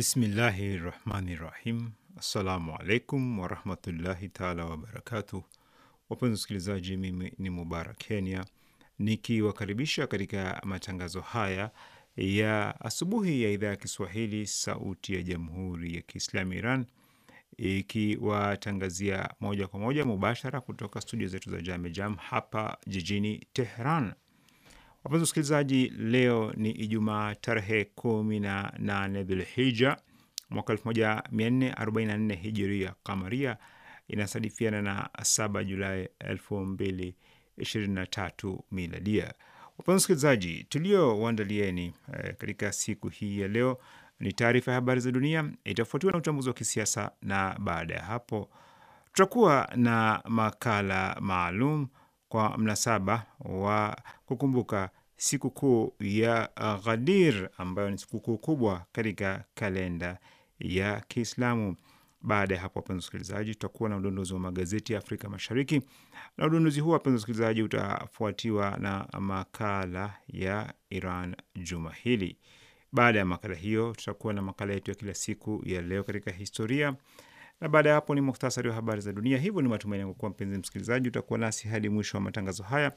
Bismillahi rahmani rahim. Assalamu alaikum warahmatullahi taala wabarakatuh. Wapenzi wasikilizaji, mimi ni Mubarak Kenya nikiwakaribisha katika matangazo haya ya asubuhi ya idhaa ya Kiswahili Sauti ya Jamhuri ya Kiislamu Iran ikiwatangazia moja kwa moja mubashara kutoka studio zetu za Jamejam hapa jijini Tehran. Wapenzi wasikilizaji, leo ni Ijumaa tarehe kumi na nane Dhulhija mwaka nne hijiria kamaria, inasadifiana na 7 Julai tatu miladia. Wapenzi wasikilizaji, uandalieni e, eh, katika siku hii ya leo ni taarifa ya habari za dunia, itafuatiwa na uchambuzi wa kisiasa, na baada ya hapo tutakuwa na makala maalum kwa mnasaba wa kukumbuka sikukuu ya Ghadir ambayo ni sikukuu kubwa katika kalenda ya Kiislamu. Baada ya hapo, wapenzi wasikilizaji, tutakuwa na udondozi wa magazeti ya Afrika Mashariki, na udondozi huu wapenzi wasikilizaji, utafuatiwa na makala ya Iran juma hili. Baada ya makala hiyo, tutakuwa na makala yetu ya kila siku ya leo katika historia na baada ya hapo ni muhtasari wa habari za dunia. Hivyo ni matumaini yangu kuwa mpenzi msikilizaji utakuwa nasi hadi mwisho wa matangazo haya,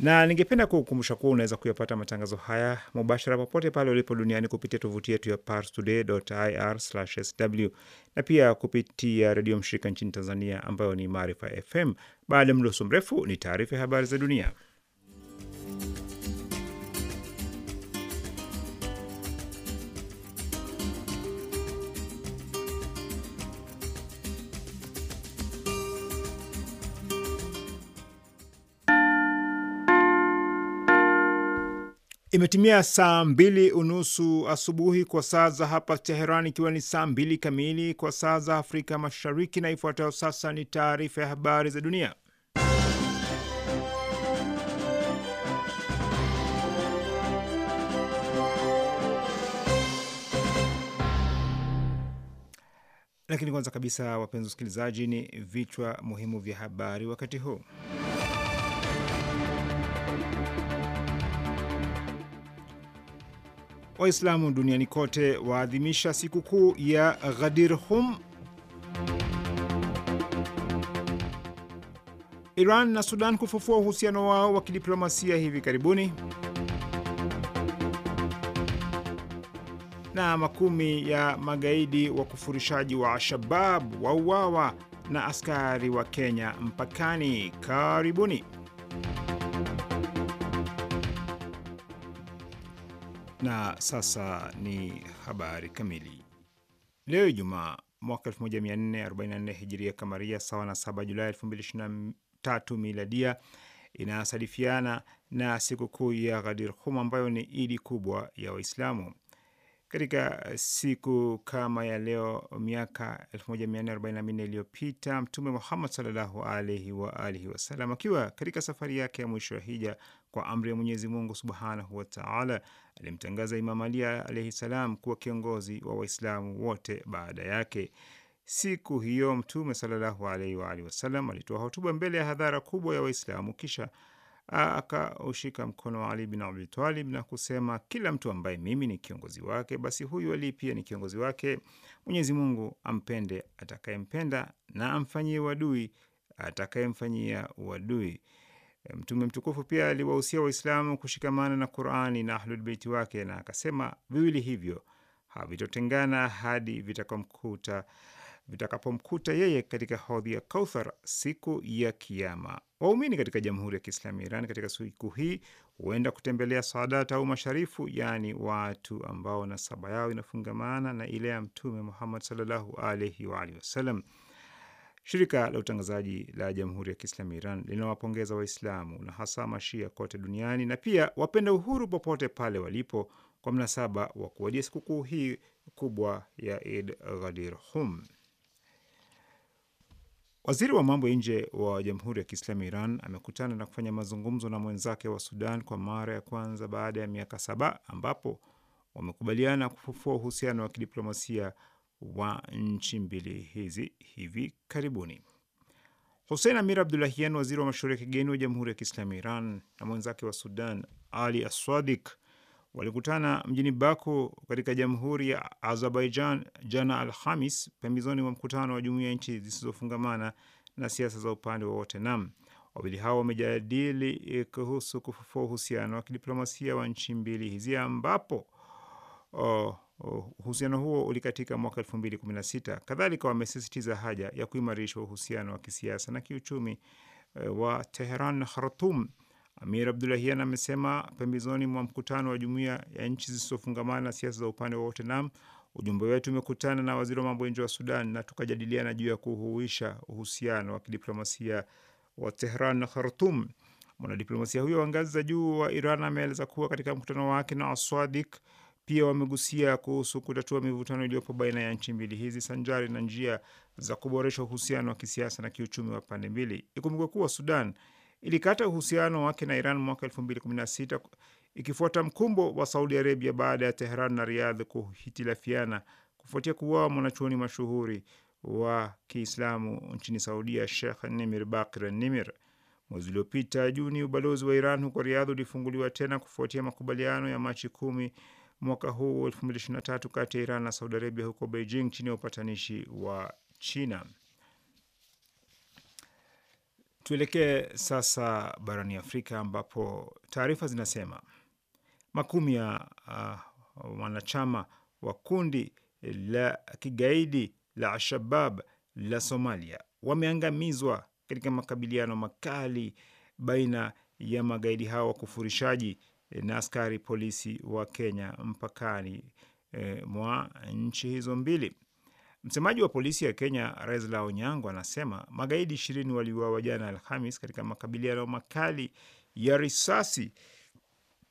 na ningependa kukumbusha kuwa unaweza kuyapata matangazo haya mubashara popote pale ulipo duniani kupitia tovuti yetu ya parstoday.ir/sw na pia kupitia redio mshirika nchini Tanzania ambayo ni Maarifa FM. Baada ya mdoso mrefu ni taarifa ya habari za dunia. Imetimia saa mbili unusu asubuhi kwa saa za hapa Teheran, ikiwa ni saa mbili kamili kwa saa za Afrika Mashariki, na ifuatayo sasa ni taarifa ya habari za dunia. Lakini kwanza kabisa, wapenzi wasikilizaji, ni vichwa muhimu vya habari wakati huu. Waislamu duniani kote waadhimisha sikukuu ya Ghadir Hum. Iran na Sudan kufufua uhusiano wao wa kidiplomasia hivi karibuni. Na makumi ya magaidi wa kufurishaji wa Al-Shabab wauawa na askari wa Kenya mpakani. Karibuni. Na sasa ni habari kamili. Leo Ijumaa mwaka 1444 hijiria kamaria, sawa na 7 Julai 2023 miladia, inasadifiana na sikukuu ya Ghadir Hum ambayo ni idi kubwa ya Waislamu. Katika siku kama ya leo miaka 1444 iliyopita Mtume Muhammad sallallahu alaihi wa alihi wasallam akiwa katika safari yake ya mwisho ya hija kwa amri ya Mwenyezi Mungu subhanahu wataala alimtangaza Imam Ali alaihi salam kuwa kiongozi wa Waislamu wote baada yake. Siku hiyo Mtume sallallahu alaihi wa alihi wasallam alitoa hotuba mbele ya hadhara kubwa ya Waislamu, kisha akaushika mkono wa Ali bin Abi Talib na kusema, kila mtu ambaye mimi ni kiongozi wake, basi huyu Ali pia ni kiongozi wake. Mwenyezi Mungu ampende atakayempenda na amfanyie uadui atakayemfanyia uadui. Mtume mtukufu pia aliwahusia Waislamu kushikamana na Qurani na Ahlulbeiti wake na akasema viwili hivyo havitotengana hadi vitakapomkuta vitakapomkuta yeye katika hodhi ya Kauthar siku ya Kiama. Waumini katika Jamhuri ya Kiislamu ya Iran katika siku hii huenda kutembelea sadat au masharifu, yaani watu ambao nasaba yao inafungamana na ile ya Mtume Muhammad sallallahu alaihi waalihi wasallam. Shirika la utangazaji la Jamhuri ya Kiislamu Iran linawapongeza Waislamu na hasa Mashia kote duniani na pia wapenda uhuru popote pale walipo kwa mnasaba wa kuwadia sikukuu hii kubwa ya Id Ghadir Hum. Waziri wa mambo ya nje wa Jamhuri ya Kiislamu Iran amekutana na kufanya mazungumzo na mwenzake wa Sudan kwa mara ya kwanza baada ya miaka saba ambapo wamekubaliana kufufua uhusiano wa kidiplomasia wa nchi mbili hizi hivi karibuni. husein Amir Abdulahian, waziri wa mashauri ya kigeni wa Jamhuri ya Kiislamu Iran, na mwenzake wa Sudan Ali Aswadik walikutana mjini Baku katika Jamhuri ya Azerbaijan jana Alhamis, pembezoni mwa mkutano wa Jumuiya ya nchi zisizofungamana na siasa za upande wowote wa nam Wawili hao wamejadili e, kuhusu kufufua uhusiano wa kidiplomasia wa nchi mbili hizi ambapo oh, Uhusiano huo ulikatika mwaka elfu mbili kumi na sita. Kadhalika wamesisitiza haja ya kuimarisha uhusiano wa kisiasa na kiuchumi eh, wa Teheran na Khartum. Amir Abdulahian amesema pembezoni mwa mkutano wa Jumuiya ya nchi zisizofungamana na siasa za upande wowote, nam ujumbe wetu umekutana na waziri wa mambo ya nje wa Sudan na tukajadiliana juu ya kuhuisha uhusiano wa kidiplomasia wa Tehran na Khartum. Mwanadiplomasia huyo wa ngazi za juu wa Iran ameeleza kuwa katika mkutano wake na Aswadik pia wamegusia kuhusu kutatua mivutano iliyopo baina ya nchi mbili hizi sanjari na njia za kuboresha uhusiano wa kisiasa na kiuchumi wa pande mbili. Ikumbukwe kuwa Sudan ilikata uhusiano wake na Iran mwaka 2016 ikifuata mkumbo wa Saudi Arabia baada ya Tehran na Riyadh kuhitilafiana kufuatia kuuawa mwanachuoni mashuhuri wa Kiislamu nchini Saudia, shekh Nimir Bakr Nimir. Mwezi uliopita Juni, ubalozi wa Iran huko Riyadh ulifunguliwa tena kufuatia makubaliano ya Machi kumi mwaka huu 2023 kati ya Iran na Saudi Arabia huko Beijing chini ya upatanishi wa China. Tuelekee sasa barani Afrika ambapo taarifa zinasema makumi ya uh, wanachama wa kundi la kigaidi la Al-Shabab la Somalia wameangamizwa katika makabiliano makali baina ya magaidi hao wakufurishaji Eh, na askari polisi wa Kenya mpakani e, mwa nchi hizo mbili. Msemaji wa polisi ya Kenya raisla Onyango anasema magaidi ishirini waliuawa jana Alhamis katika makabiliano makali ya risasi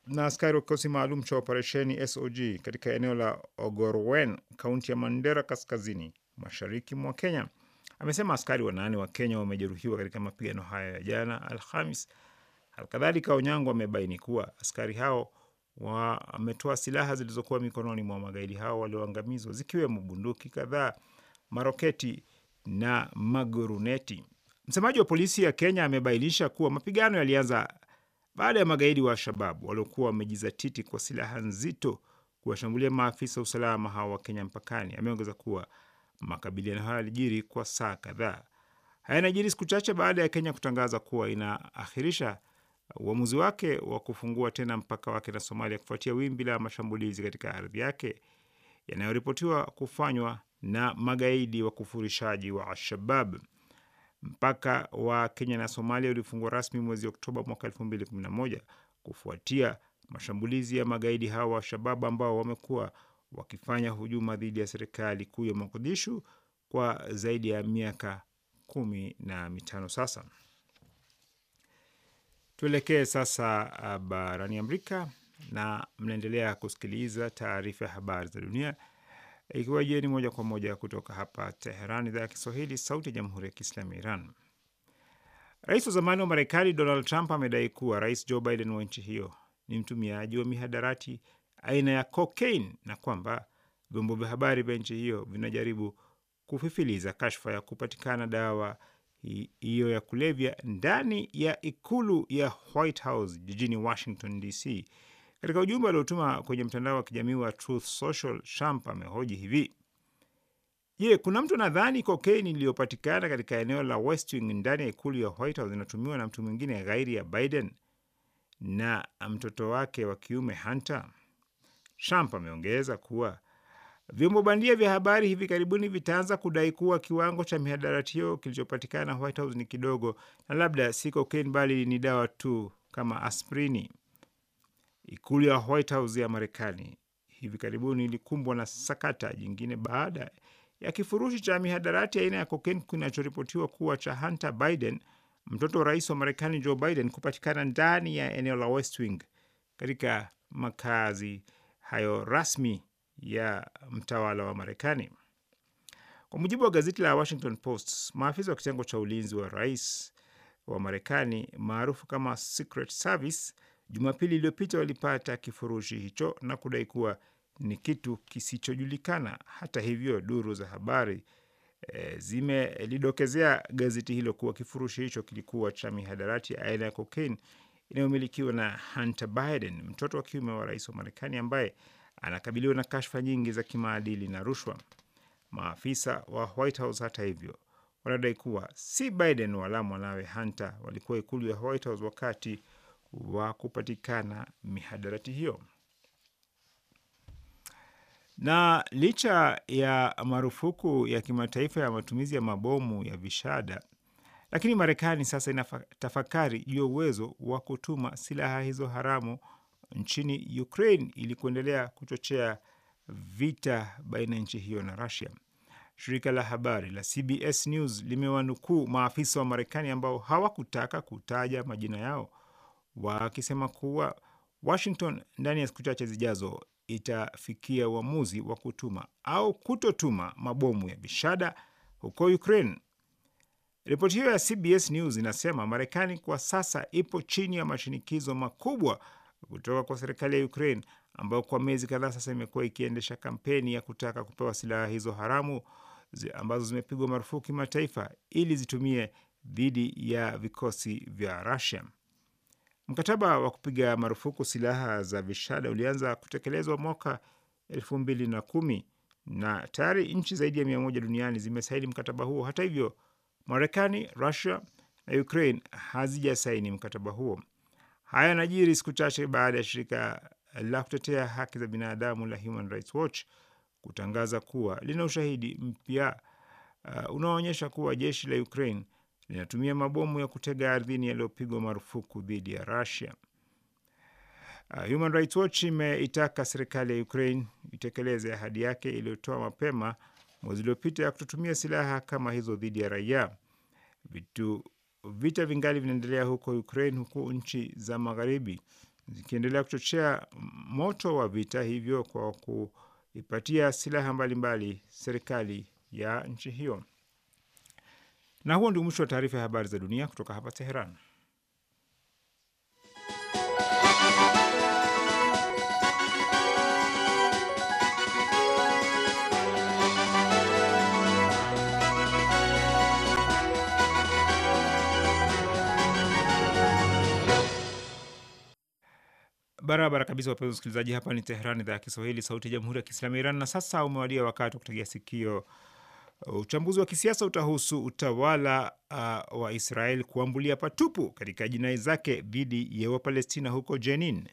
na askari wa kikosi maalum cha operesheni SOG katika eneo la Ogorwen, kaunti ya Mandera, kaskazini mashariki mwa Kenya. Amesema askari wanane wa Kenya wamejeruhiwa katika mapigano hayo ya jana Alhamis Alkadhalika, Onyango amebaini kuwa askari hao wametoa silaha zilizokuwa mikononi mwa magaidi hao walioangamizwa zikiwemo bunduki kadhaa, maroketi na maguruneti. Msemaji wa polisi ya Kenya amebainisha kuwa mapigano yalianza baada ya magaidi wa Al-Shabaab waliokuwa wamejizatiti kwa silaha nzito kuwashambulia maafisa usalama hao wa Kenya mpakani. Ameongeza kuwa makabiliano hayo yalijiri kwa saa kadhaa. Haya yanajiri siku chache baada ya Kenya kutangaza kuwa inaakhirisha uamuzi wake wa kufungua tena mpaka wake na Somalia kufuatia wimbi la mashambulizi katika ardhi yake yanayoripotiwa kufanywa na magaidi wa kufurishaji wa Al-Shabab. Mpaka wa Kenya na Somalia ulifungwa rasmi mwezi Oktoba mwaka 2011 kufuatia mashambulizi ya magaidi hawa wa Shababu ambao wamekuwa wakifanya hujuma dhidi ya serikali kuu ya Mogadishu kwa zaidi ya miaka kumi na mitano sasa. Tuelekee sasa uh, barani Amerika na mnaendelea kusikiliza taarifa ya habari za dunia ikiwa jeni moja kwa moja kutoka hapa Teheran, idhaa ya Kiswahili, sauti ya jamhuri ya kiislamu ya Iran. Rais wa zamani wa Marekani Donald Trump amedai kuwa Rais Joe Biden wa nchi hiyo ni mtumiaji wa mihadarati aina ya cocaine na kwamba vyombo vya habari vya nchi hiyo vinajaribu kufifiliza kashfa ya kupatikana dawa hiyo ya kulevya ndani ya ikulu ya White House jijini Washington DC. Katika ujumbe aliotuma kwenye mtandao wa kijamii wa Truth Social, Trump amehoji hivi: Je, kuna mtu anadhani kokeini iliyopatikana katika eneo la West Wing ndani ya ikulu ya White House inatumiwa na mtu mwingine ghairi ya Biden na mtoto wake wa kiume Hunter? Trump ameongeza kuwa Vyombo bandia vya habari hivi karibuni vitaanza kudai kuwa kiwango cha mihadarati hiyo kilichopatikana White House ni kidogo na labda si cocaine bali ni dawa tu kama aspirini. Ikulu ya White House ya Marekani hivi karibuni ilikumbwa na sakata jingine baada ya kifurushi cha mihadarati aina ya cocaine kinachoripotiwa kuwa cha Hunter Biden, mtoto wa rais wa Marekani Joe Biden, kupatikana ndani ya eneo la West Wing katika makazi hayo rasmi ya mtawala wa Marekani. Kwa mujibu wa gazeti la Washington Post, maafisa wa kitengo cha ulinzi wa rais wa Marekani maarufu kama Secret Service Jumapili iliyopita walipata kifurushi hicho na kudai kuwa ni kitu kisichojulikana. Hata hivyo, duru za habari e, zimelidokezea gazeti hilo kuwa kifurushi hicho kilikuwa cha mihadarati ya aina ya kokaini inayomilikiwa na Hunter Biden, mtoto wa kiume wa rais wa Marekani ambaye anakabiliwa na kashfa nyingi za kimaadili na rushwa. Maafisa wa White House, hata hivyo, wanadai kuwa si Biden wala mwanawe Hunter walikuwa ikulu ya White House wakati wa kupatikana mihadarati hiyo. Na licha ya marufuku ya kimataifa ya matumizi ya mabomu ya vishada, lakini Marekani sasa inatafakari juu ya uwezo wa kutuma silaha hizo haramu nchini Ukraine ili kuendelea kuchochea vita baina ya nchi hiyo na Rusia. Shirika la habari la CBS News limewanukuu maafisa wa Marekani ambao hawakutaka kutaja majina yao wakisema kuwa Washington ndani ya siku chache zijazo itafikia uamuzi wa kutuma au kutotuma mabomu ya bishada huko Ukraine. Ripoti hiyo ya CBS News inasema Marekani kwa sasa ipo chini ya mashinikizo makubwa kutoka kwa serikali ya Ukraine ambayo kwa miezi kadhaa sasa imekuwa ikiendesha kampeni ya kutaka kupewa silaha hizo haramu ambazo zimepigwa marufuku kimataifa ili zitumie dhidi ya vikosi vya rasia Mkataba wa kupiga marufuku silaha za vishada ulianza kutekelezwa mwaka elfu mbili na kumi na tayari nchi zaidi ya mia moja duniani zimesaini mkataba huo. Hata hivyo, Marekani, Rusia na Ukraine hazijasaini mkataba huo. Haya yanajiri siku chache baada ya shirika la kutetea haki za binadamu la Human Rights Watch kutangaza kuwa lina ushahidi mpya uh, unaoonyesha kuwa jeshi la Ukraine linatumia mabomu ya kutega ardhini yaliyopigwa marufuku dhidi ya Russia. Uh, Human Rights Watch imeitaka serikali ya Ukraine itekeleze ahadi yake iliyotoa mapema mwezi uliopita ya kutotumia silaha kama hizo dhidi ya raia. Vitu vita vingali vinaendelea huko Ukraine, huku nchi za magharibi zikiendelea kuchochea moto wa vita hivyo kwa kuipatia silaha mbalimbali serikali ya nchi hiyo. Na huo ndio mwisho wa taarifa ya habari za dunia kutoka hapa Teheran. Barabara kabisa, wapenzi wasikilizaji, hapa ni Teheran, idhaa ya Kiswahili, sauti ya jamhuri ya kiislamu ya Iran. Na sasa umewadia wakati wa kutegea sikio uh, uchambuzi wa kisiasa. Utahusu utawala uh, wa Israel kuambulia patupu katika jinai zake dhidi ya Wapalestina huko Jenin.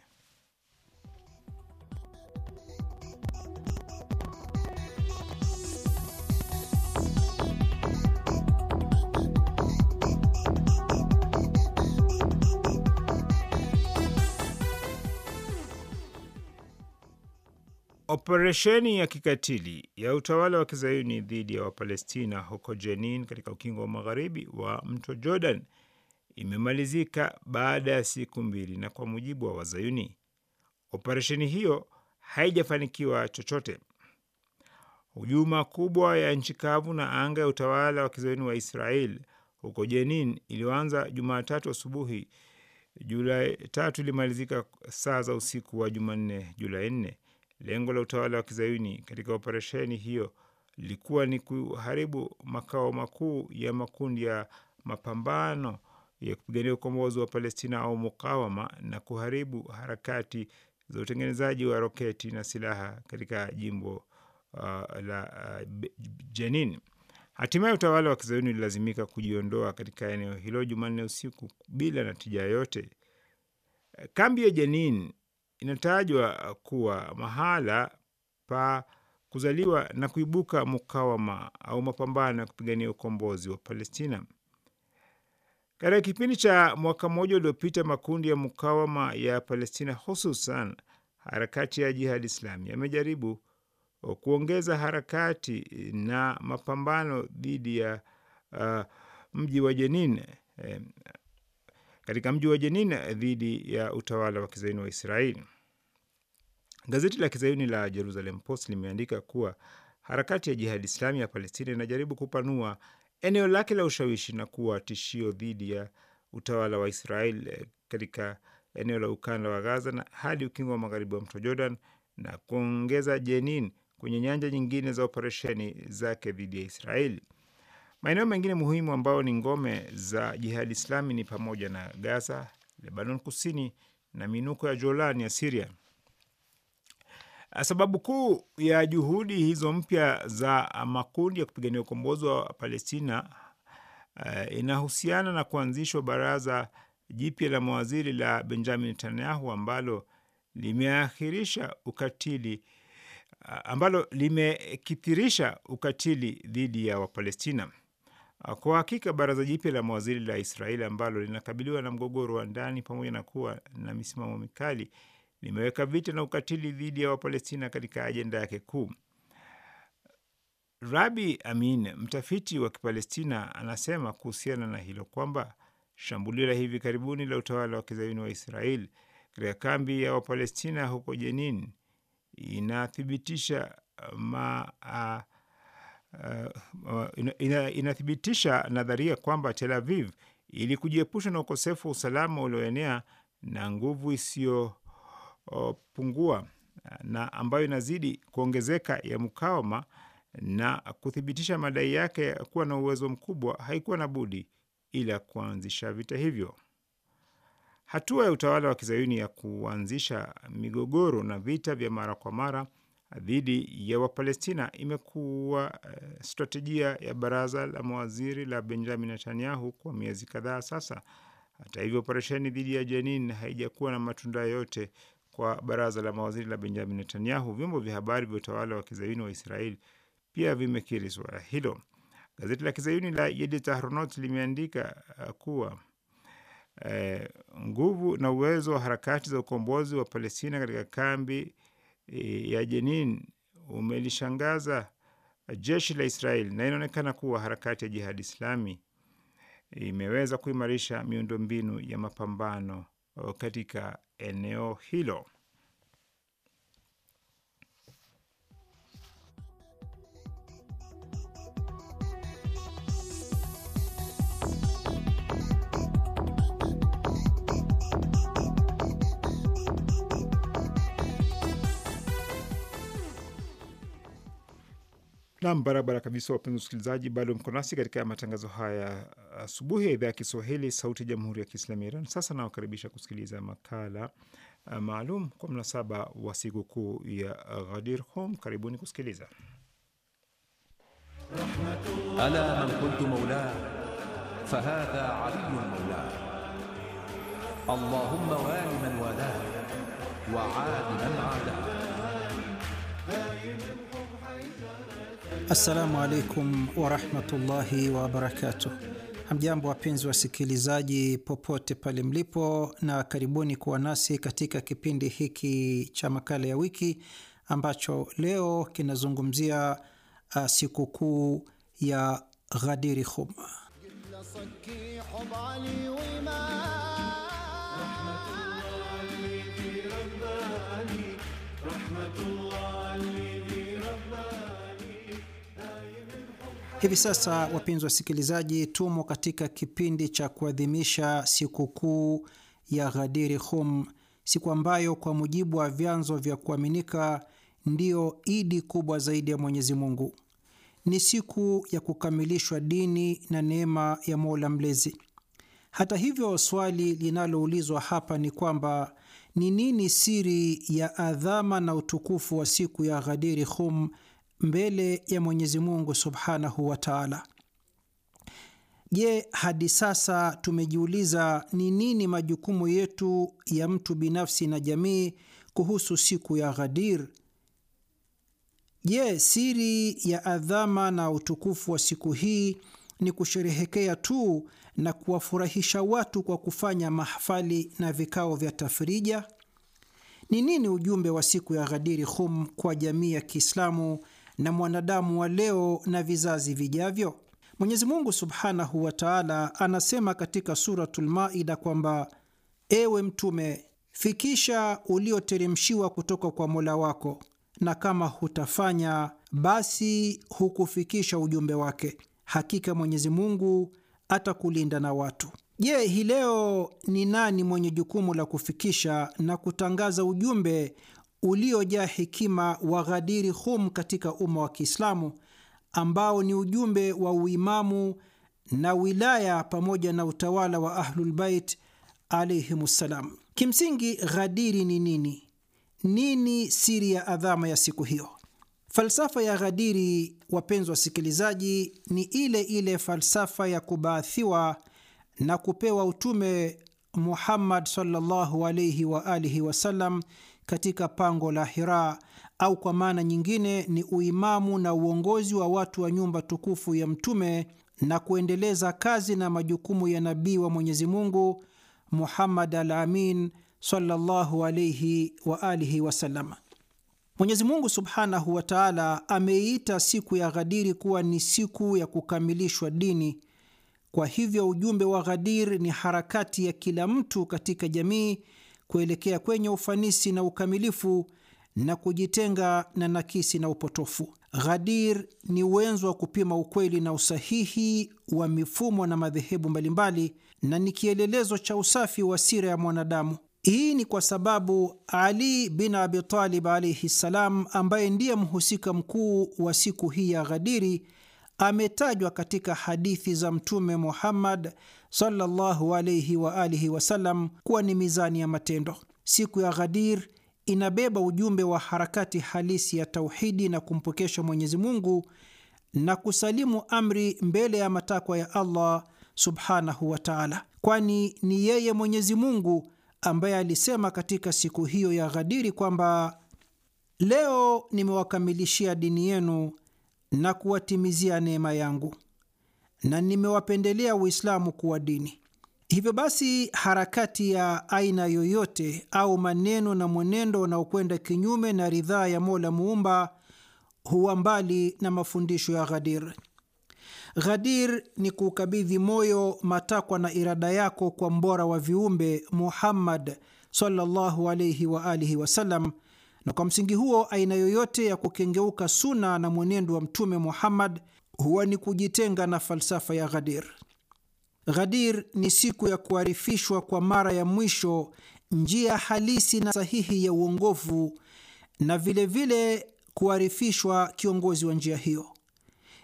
Operesheni ya kikatili ya utawala wa kizayuni dhidi ya Wapalestina huko Jenin katika ukingo wa magharibi wa mto Jordan imemalizika baada ya siku mbili, na kwa mujibu wa Wazayuni, operesheni hiyo haijafanikiwa chochote. Hujuma kubwa ya nchi kavu na anga ya utawala wa kizayuni wa Israel huko Jenin iliyoanza Jumatatu asubuhi Julai tatu ilimalizika saa za usiku wa Jumanne, Julai nne. Lengo la utawala wa kizayuni katika operesheni hiyo lilikuwa ni kuharibu makao makuu ya makundi ya mapambano ya kupigania ukombozi wa Palestina au mukawama na kuharibu harakati za utengenezaji wa roketi na silaha katika jimbo uh, la uh, Jenin. Hatimaye utawala wa kizayuni ulilazimika kujiondoa katika eneo hilo Jumanne usiku bila natija yote Kambi ya Jenin inatajwa kuwa mahala pa kuzaliwa na kuibuka mukawama au mapambano ya kupigania ukombozi wa Palestina. Katika kipindi cha mwaka mmoja uliopita, makundi ya mukawama ya Palestina, hususan harakati ya Jihadi Islami, yamejaribu kuongeza harakati na mapambano dhidi ya uh, mji wa Jenin eh, katika mji wa Jenin dhidi ya utawala wa kizayuni wa Israeli. Gazeti la kizayuni la Jerusalem Post limeandika kuwa harakati ya Jihadi Islami ya Palestina inajaribu kupanua eneo lake la ushawishi na kuwa tishio dhidi ya utawala wa Israel katika eneo la ukanda wa Gaza na hadi ukingo wa magharibi wa mto Jordan na kuongeza Jenin kwenye nyanja nyingine za operesheni zake dhidi ya Israeli. Maeneo mengine muhimu ambayo ni ngome za jihadi islami ni pamoja na Gaza, Lebanon kusini na minuko ya Jolani ya Siria. Sababu kuu ya juhudi hizo mpya za makundi ya kupigania ukombozi wa Palestina uh, inahusiana na kuanzishwa baraza jipya la mawaziri la Benjamin Netanyahu ambalo limeakhirisha ukatili eh, ambalo limekithirisha ukatili dhidi ya Wapalestina. Kwa hakika baraza jipya la mawaziri la Israeli ambalo linakabiliwa na mgogoro wa ndani pamoja na kuwa na misimamo mikali limeweka vita na ukatili dhidi ya Wapalestina katika ajenda yake kuu. Rabi Amin, mtafiti wa Kipalestina, anasema kuhusiana na hilo kwamba shambulio la hivi karibuni la utawala wa kizayuni wa Israel katika kambi ya Wapalestina huko Jenin inathibitisha ma, uh, uh, uh ina, inathibitisha nadharia kwamba Tel Aviv ili kujiepusha na ukosefu wa usalama ulioenea na nguvu isiyopungua uh, na ambayo inazidi kuongezeka ya mukawama na kuthibitisha madai yake kuwa na uwezo mkubwa, haikuwa na budi ila kuanzisha vita hivyo. Hatua ya utawala wa kizayuni ya kuanzisha migogoro na vita vya mara kwa mara dhidi ya Wapalestina imekuwa eh, stratejia ya baraza la mawaziri la Benjamin Netanyahu kwa miezi kadhaa sasa. Hata hivyo, operesheni dhidi ya Jenin haijakuwa na matunda yote kwa baraza la mawaziri la Benjamin Netanyahu. Vyombo vya habari vya utawala wa kizayuni wa Israel pia vimekiri suala hilo. Gazeti la kizayuni la Yediot Ahronot limeandika eh, kuwa eh, nguvu na uwezo wa harakati za ukombozi wa Palestina katika kambi E, ya Jenin umelishangaza jeshi la Israel na inaonekana kuwa harakati ya Jihadi Islami imeweza kuimarisha miundombinu ya mapambano katika eneo hilo. Nam barabara kabisa, wapenzi wasikilizaji, bado mko nasi katika matangazo haya asubuhi ya idhaa ya Kiswahili sauti ya jamhuri ya kiislamu ya Iran. Sasa nawakaribisha kusikiliza makala eh, maalum kwa mnasaba wa sikukuu ya Ghadir Hum. Karibuni kusikiliza ala man kuntu maula fahadha aliyun maula allahumma wali man wala wa adi man Assalamu alaikum warahmatullahi wabarakatuh. Hamjambo wapenzi wasikilizaji, popote pale mlipo, na karibuni kuwa nasi katika kipindi hiki cha makala ya wiki ambacho leo kinazungumzia uh, sikukuu ya ghadiri Khum. Hivi sasa wapenzi wasikilizaji, tumo katika kipindi cha kuadhimisha sikukuu ya ghadiri Khum, siku ambayo kwa mujibu wa vyanzo vya kuaminika ndiyo idi kubwa zaidi ya Mwenyezi Mungu. Ni siku ya kukamilishwa dini na neema ya Mola Mlezi. Hata hivyo, swali linaloulizwa hapa ni kwamba ni nini siri ya adhama na utukufu wa siku ya Ghadiri Khum mbele ya Mwenyezi Mungu subhanahu wa taala. Je, hadi sasa tumejiuliza ni nini majukumu yetu ya mtu binafsi na jamii kuhusu siku ya Ghadir? Je, siri ya adhama na utukufu wa siku hii ni kusherehekea tu na kuwafurahisha watu kwa kufanya mahafali na vikao vya tafrija? Ni nini ujumbe wa siku ya Ghadiri Khum kwa jamii ya Kiislamu na mwanadamu wa leo na vizazi vijavyo? Mwenyezi Mungu subhanahu wa taala anasema katika Suratul Maida kwamba ewe Mtume, fikisha ulioteremshiwa kutoka kwa mola wako, na kama hutafanya basi hukufikisha ujumbe wake. Hakika Mwenyezi Mungu atakulinda na watu. Je, hii leo ni nani mwenye jukumu la kufikisha na kutangaza ujumbe uliojaa hekima wa ghadiri Khum katika umma wa Kiislamu, ambao ni ujumbe wa uimamu na wilaya pamoja na utawala wa Ahlulbait ssalam. Kimsingi, Ghadiri ni nini? Nini siri ya adhama ya siku hiyo? Falsafa ya Ghadiri, wapenzi wasikilizaji, ni ile ile falsafa ya kubaathiwa na kupewa utume Muhammad sallallahu alaihi wa alihi wasallam katika pango la Hira, au kwa maana nyingine ni uimamu na uongozi wa watu wa nyumba tukufu ya Mtume na kuendeleza kazi na majukumu ya nabii wa Mwenyezi Mungu Muhammad al-Amin sallallahu alayhi wa alihi wasallam. Mwenyezi Mungu subhanahu wa taala ameiita siku ya Ghadiri kuwa ni siku ya kukamilishwa dini. Kwa hivyo ujumbe wa Ghadir ni harakati ya kila mtu katika jamii kuelekea kwenye ufanisi na ukamilifu na kujitenga na nakisi na upotofu. Ghadir ni wenzo wa kupima ukweli na usahihi wa mifumo na madhehebu mbalimbali na ni kielelezo cha usafi wa sira ya mwanadamu. Hii ni kwa sababu Ali bin Abi Talib alaihi ssalam, ambaye ndiye mhusika mkuu wa siku hii ya Ghadiri, ametajwa katika hadithi za Mtume Muhammad sallallahu wa alihi wasallam kuwa ni mizani ya matendo. Siku ya Ghadir inabeba ujumbe wa harakati halisi ya tauhidi na kumpokesha Mwenyezi Mungu na kusalimu amri mbele ya matakwa ya Allah subhanahu wa taala, kwani ni yeye Mwenyezi Mungu ambaye alisema katika siku hiyo ya Ghadiri kwamba leo nimewakamilishia dini yenu na kuwatimizia neema yangu, na nimewapendelea Uislamu kuwa dini. Hivyo basi, harakati ya aina yoyote au maneno na mwenendo unaokwenda kinyume na ridhaa ya Mola Muumba huwa mbali na mafundisho ya Ghadir. Ghadir ni kuukabidhi moyo, matakwa na irada yako kwa mbora wa viumbe Muhammad sallallahu alayhi wa alihi wasallam na kwa msingi huo aina yoyote ya kukengeuka suna na mwenendo wa Mtume Muhammad huwa ni kujitenga na falsafa ya Ghadir. Ghadir ni siku ya kuarifishwa kwa mara ya mwisho njia halisi na sahihi ya uongovu na vilevile vile kuarifishwa kiongozi wa njia hiyo.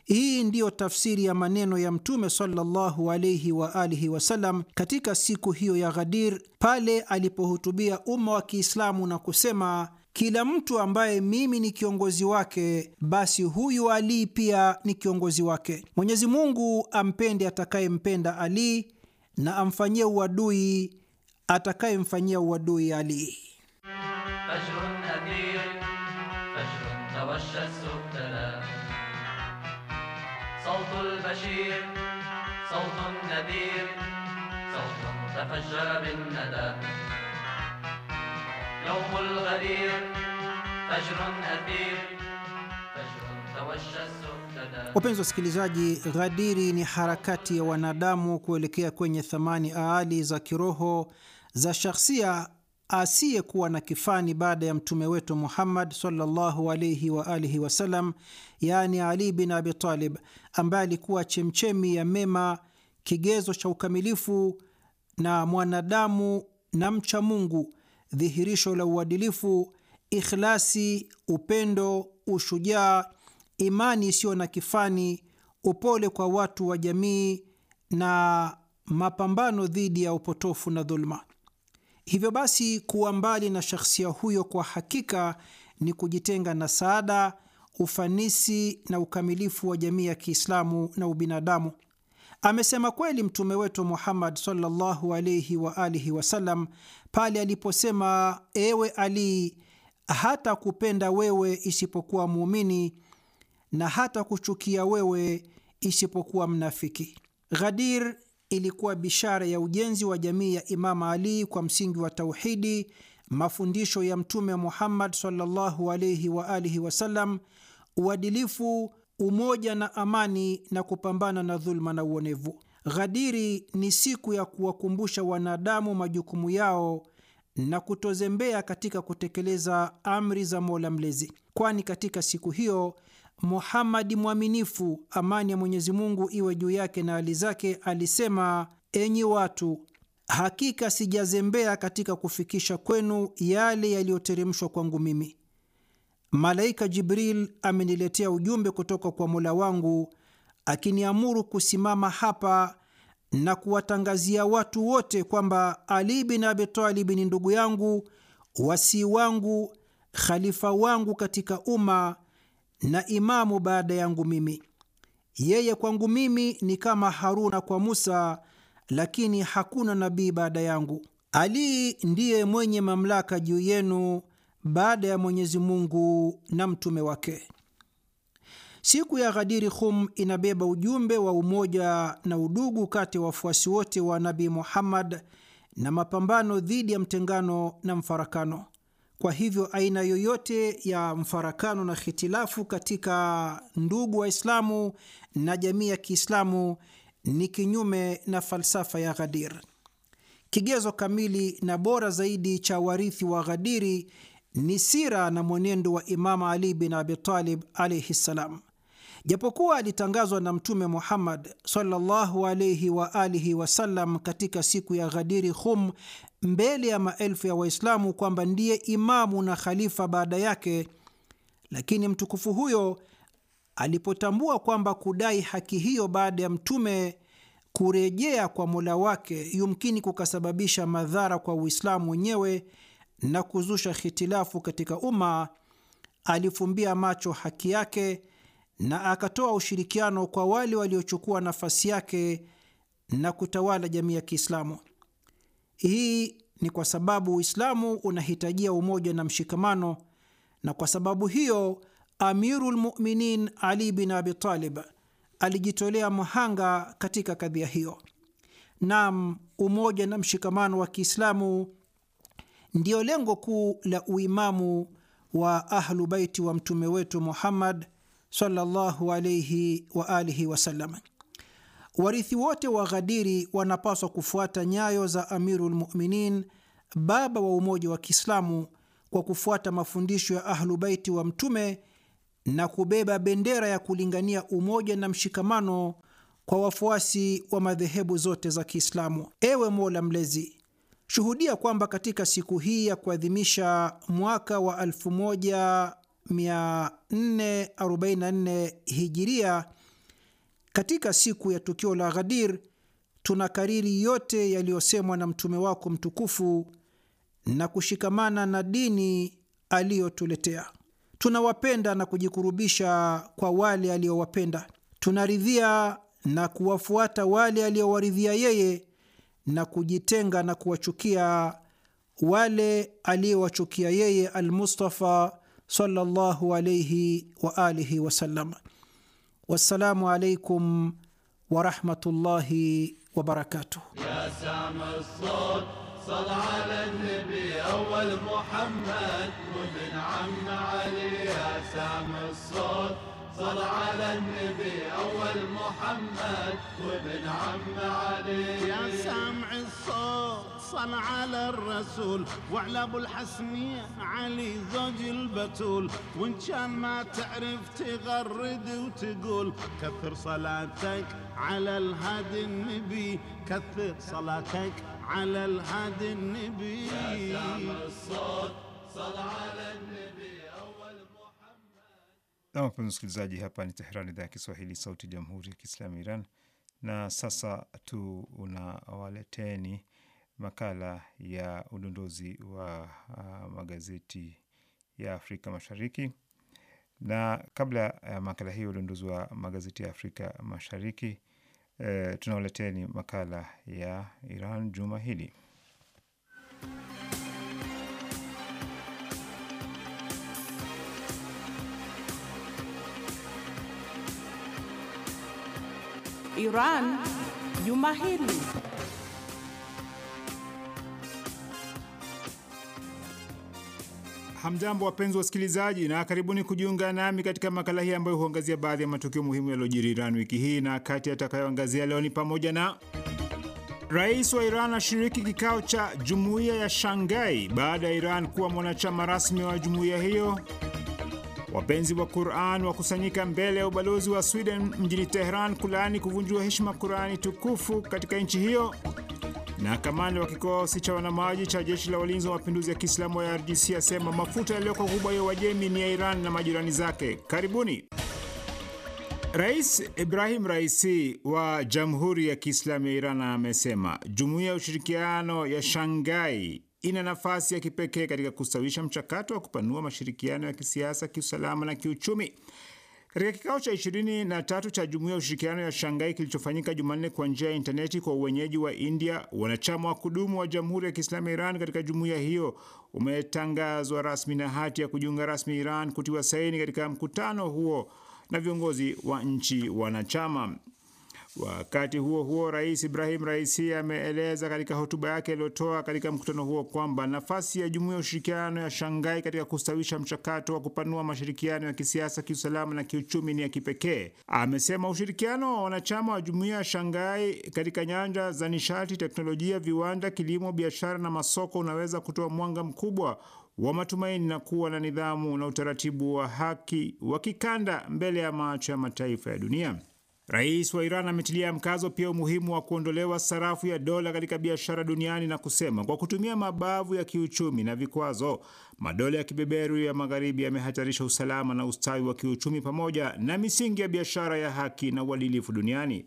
Hii ndiyo tafsiri ya maneno ya Mtume sallallahu alaihi wa alihi wasallam katika siku hiyo ya Ghadir pale alipohutubia umma wa Kiislamu na kusema kila mtu ambaye mimi ni kiongozi wake, basi huyu Ali pia ni kiongozi wake. Mwenyezi Mungu ampende atakayempenda Ali na amfanyie uadui atakayemfanyia uadui Ali. يوم الغدير فجر أثير Wapenzi wasikilizaji, ghadiri ni harakati ya wanadamu kuelekea kwenye thamani aali za kiroho za shakhsia asiyekuwa na kifani baada ya mtume wetu Muhammad sallallahu alaihi wa alihi wasallam, yaani Ali bin Abi Talib, ambaye alikuwa chemchemi ya mema, kigezo cha ukamilifu na mwanadamu na mcha Mungu dhihirisho la uadilifu, ikhlasi, upendo, ushujaa, imani isiyo na kifani, upole kwa watu wa jamii na mapambano dhidi ya upotofu na dhuluma. Hivyo basi, kuwa mbali na shakhsia huyo kwa hakika ni kujitenga na saada, ufanisi na ukamilifu wa jamii ya Kiislamu na ubinadamu. Amesema kweli mtume wetu Muhammad sallallahu alayhi wa alihi wasallam pale aliposema, ewe Ali, hata kupenda wewe isipokuwa muumini na hata kuchukia wewe isipokuwa mnafiki. Ghadir ilikuwa bishara ya ujenzi wa jamii ya Imama Ali kwa msingi wa tauhidi, mafundisho ya Mtume Muhammad sallallahu alaihi wa alihi wasallam, uadilifu, umoja na amani, na kupambana na dhuluma na uonevu. Ghadiri ni siku ya kuwakumbusha wanadamu majukumu yao na kutozembea katika kutekeleza amri za Mola Mlezi, kwani katika siku hiyo Muhamadi mwaminifu, amani ya Mwenyezi Mungu iwe juu yake na hali zake, alisema: enyi watu, hakika sijazembea katika kufikisha kwenu yale yaliyoteremshwa kwangu mimi. Malaika Jibril ameniletea ujumbe kutoka kwa Mola wangu akiniamuru kusimama hapa na kuwatangazia watu wote kwamba Ali bin Abi Talib ni ndugu yangu, wasii wangu, khalifa wangu katika umma na imamu baada yangu mimi. Yeye kwangu mimi ni kama Haruna kwa Musa, lakini hakuna nabii baada yangu. Ali ndiye mwenye mamlaka juu yenu baada ya Mwenyezi Mungu na mtume wake. Siku ya Ghadiri Khum inabeba ujumbe wa umoja na udugu kati ya wafuasi wote wa Nabii Muhammad na mapambano dhidi ya mtengano na mfarakano. Kwa hivyo aina yoyote ya mfarakano na hitilafu katika ndugu Waislamu na jamii ya Kiislamu ni kinyume na falsafa ya Ghadir. Kigezo kamili na bora zaidi cha warithi wa Ghadiri ni sira na mwenendo wa Imam Ali bin Abi Talib alaihi ssalam. Japokuwa alitangazwa na Mtume Muhammad sallallahu alaihi wa alihi wasallam katika siku ya Ghadiri Khum mbele ya maelfu ya Waislamu kwamba ndiye imamu na khalifa baada yake, lakini mtukufu huyo alipotambua kwamba kudai haki hiyo baada ya mtume kurejea kwa Mola wake yumkini kukasababisha madhara kwa Uislamu wenyewe na kuzusha hitilafu katika umma, alifumbia macho haki yake na akatoa ushirikiano kwa wale waliochukua nafasi yake na kutawala jamii ya Kiislamu. Hii ni kwa sababu Uislamu unahitajia umoja na mshikamano, na kwa sababu hiyo Amirul Muminin Ali bin Abi Talib alijitolea mhanga katika kadhia hiyo. Naam, umoja na mshikamano wa Kiislamu ndiyo lengo kuu la uimamu wa Ahlubaiti wa mtume wetu Muhammad sallallahu alaihi wa alihi wasallam. Warithi wote wa Ghadiri wanapaswa kufuata nyayo za Amiru lmuminin, baba wa umoja wa Kiislamu, kwa kufuata mafundisho ya ahlu baiti wa Mtume na kubeba bendera ya kulingania umoja na mshikamano kwa wafuasi wa madhehebu zote za Kiislamu. Ewe Mola Mlezi, shuhudia kwamba katika siku hii ya kuadhimisha mwaka wa elfu moja 444 hijiria katika siku ya tukio la Ghadir tuna kariri yote yaliyosemwa na mtume wako mtukufu na kushikamana na dini aliyotuletea. Tunawapenda na kujikurubisha kwa wale aliyowapenda, tunaridhia na kuwafuata wale aliyowaridhia yeye, na kujitenga na kuwachukia wale aliyowachukia yeye, Almustafa صلى الله عليه واله وسلم والسلام عليكم ورحمه الله وبركاته يا سامع الصوت صل على النبي اول محمد وابن عم علي يا سامع الصوت صل على النبي اول محمد وابن عم علي يا سامع الصوت حرصا على الرسول وعلى ابو الحسن علي زوج البتول وان كان ما تعرف تغرد وتقول كثر صلاتك على الهادي النبي كثر صلاتك على الهادي النبي يا سامع الصوت على النبي اول محمد msikilizaji hapa ni teherani idhaa ya kiswahili sauti jamhuri ya kiislamu iran na sasa tunawaleteni makala ya udondozi wa ah, magazeti ya Afrika Mashariki. Na kabla ya makala hiyo udondozi wa magazeti ya Afrika Mashariki, eh, ni makala ya Iran juma hili. Iran juma hili. Hamjambo, wapenzi wasikilizaji, na karibuni kujiunga nami katika makala hii ambayo huangazia baadhi ya matukio muhimu yaliyojiri Iran wiki hii, na kati yatakayoangazia leo ni pamoja na Rais wa Iran ashiriki kikao cha jumuiya ya Shangai baada ya Iran kuwa mwanachama rasmi wa jumuiya hiyo. Wapenzi wa Quran wakusanyika mbele ya ubalozi wa Sweden mjini Teheran kulaani kuvunjiwa heshima Qurani tukufu katika nchi hiyo. Na kamanda wa kikosi cha wanamaji cha jeshi la walinzi wa mapinduzi ya Kiislamu ya RDC asema mafuta yaliyoko kubwa ya Uajemi ni ya Iran na majirani zake. Karibuni. Rais Ibrahim Raisi wa Jamhuri ya Kiislamu ya Iran amesema jumuiya ya ushirikiano ya Shangai ina nafasi ya kipekee katika kustawisha mchakato wa kupanua mashirikiano ya kisiasa, kiusalama na kiuchumi. Katika kikao cha ishirini na tatu cha jumuiya ya ushirikiano ya Shangai kilichofanyika Jumanne kwa njia ya intaneti kwa uwenyeji wa India, wanachama wa kudumu wa Jamhuri ya Kiislamu ya Iran katika jumuiya hiyo umetangazwa rasmi na hati ya kujiunga rasmi Iran kutiwa saini katika mkutano huo na viongozi wa nchi wanachama. Wakati huo huo, Rais Ibrahim Raisi ameeleza katika hotuba yake aliyotoa katika mkutano huo kwamba nafasi ya Jumuiya ya Ushirikiano ya shangai katika kustawisha mchakato wa kupanua mashirikiano ya kisiasa, kiusalama na kiuchumi ni ya kipekee. Amesema ushirikiano wa wanachama wa Jumuiya ya shangai katika nyanja za nishati, teknolojia, viwanda, kilimo, biashara na masoko unaweza kutoa mwanga mkubwa wa matumaini na kuwa na nidhamu na utaratibu wa haki wa kikanda mbele ya macho ya mataifa ya dunia. Rais wa Iran ametilia mkazo pia umuhimu wa kuondolewa sarafu ya dola katika biashara duniani na kusema, kwa kutumia mabavu ya kiuchumi na vikwazo, madola ya kibeberu ya Magharibi yamehatarisha usalama na ustawi wa kiuchumi pamoja na misingi ya biashara ya haki na uadilifu duniani.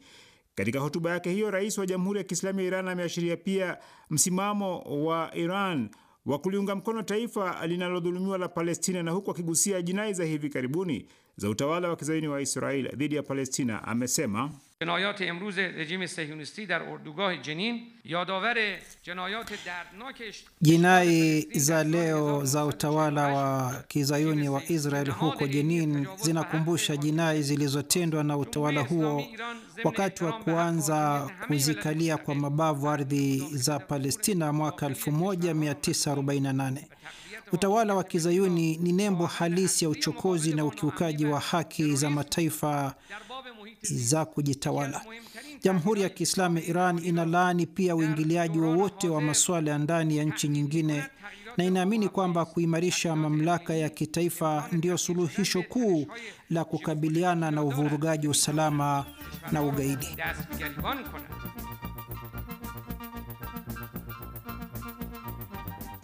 Katika hotuba yake hiyo, rais wa Jamhuri ya Kiislamu ya Iran ameashiria pia msimamo wa Iran wa kuliunga mkono taifa linalodhulumiwa la Palestina na huku akigusia jinai za hivi karibuni za utawala wa kizaini wa Israel dhidi ya Palestina amesema جنایات امروز رژیم سهیونیستی در اردوگاه جنین یادآور جنایات دردناک jinai za leo za utawala wa kizayuni wa Israel huko Jenin zinakumbusha jinai zilizotendwa na utawala huo wakati wa kuanza kuzikalia kwa mabavu ardhi za Palestina mwaka 1948. Utawala wa kizayuni ni nembo halisi ya uchokozi na ukiukaji wa haki za mataifa za kujitawala. Jamhuri ya Kiislamu ya Iran inalaani pia uingiliaji wowote wa, wa masuala ya ndani ya nchi nyingine na inaamini kwamba kuimarisha mamlaka ya kitaifa ndiyo suluhisho kuu la kukabiliana na uvurugaji usalama na ugaidi.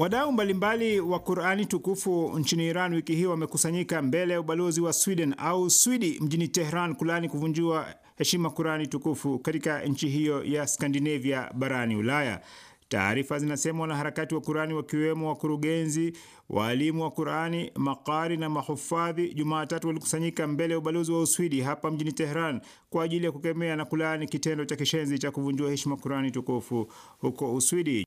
Wadau mbalimbali wa Qurani tukufu nchini Iran wiki hii wamekusanyika mbele ya ubalozi wa Sweden au Swidi mjini Tehran kulani kuvunjiwa heshima Qurani tukufu katika nchi hiyo ya Skandinavia barani Ulaya. Taarifa zinasema wanaharakati wa Qurani wakiwemo wakurugenzi, waalimu wa Qurani, makari na mahufadhi, Jumatatu walikusanyika mbele ya ubalozi wa Uswidi hapa mjini Tehran kwa ajili ya kukemea na kulaani kitendo cha kishenzi cha kuvunjiwa heshima Qurani tukufu huko Uswidi.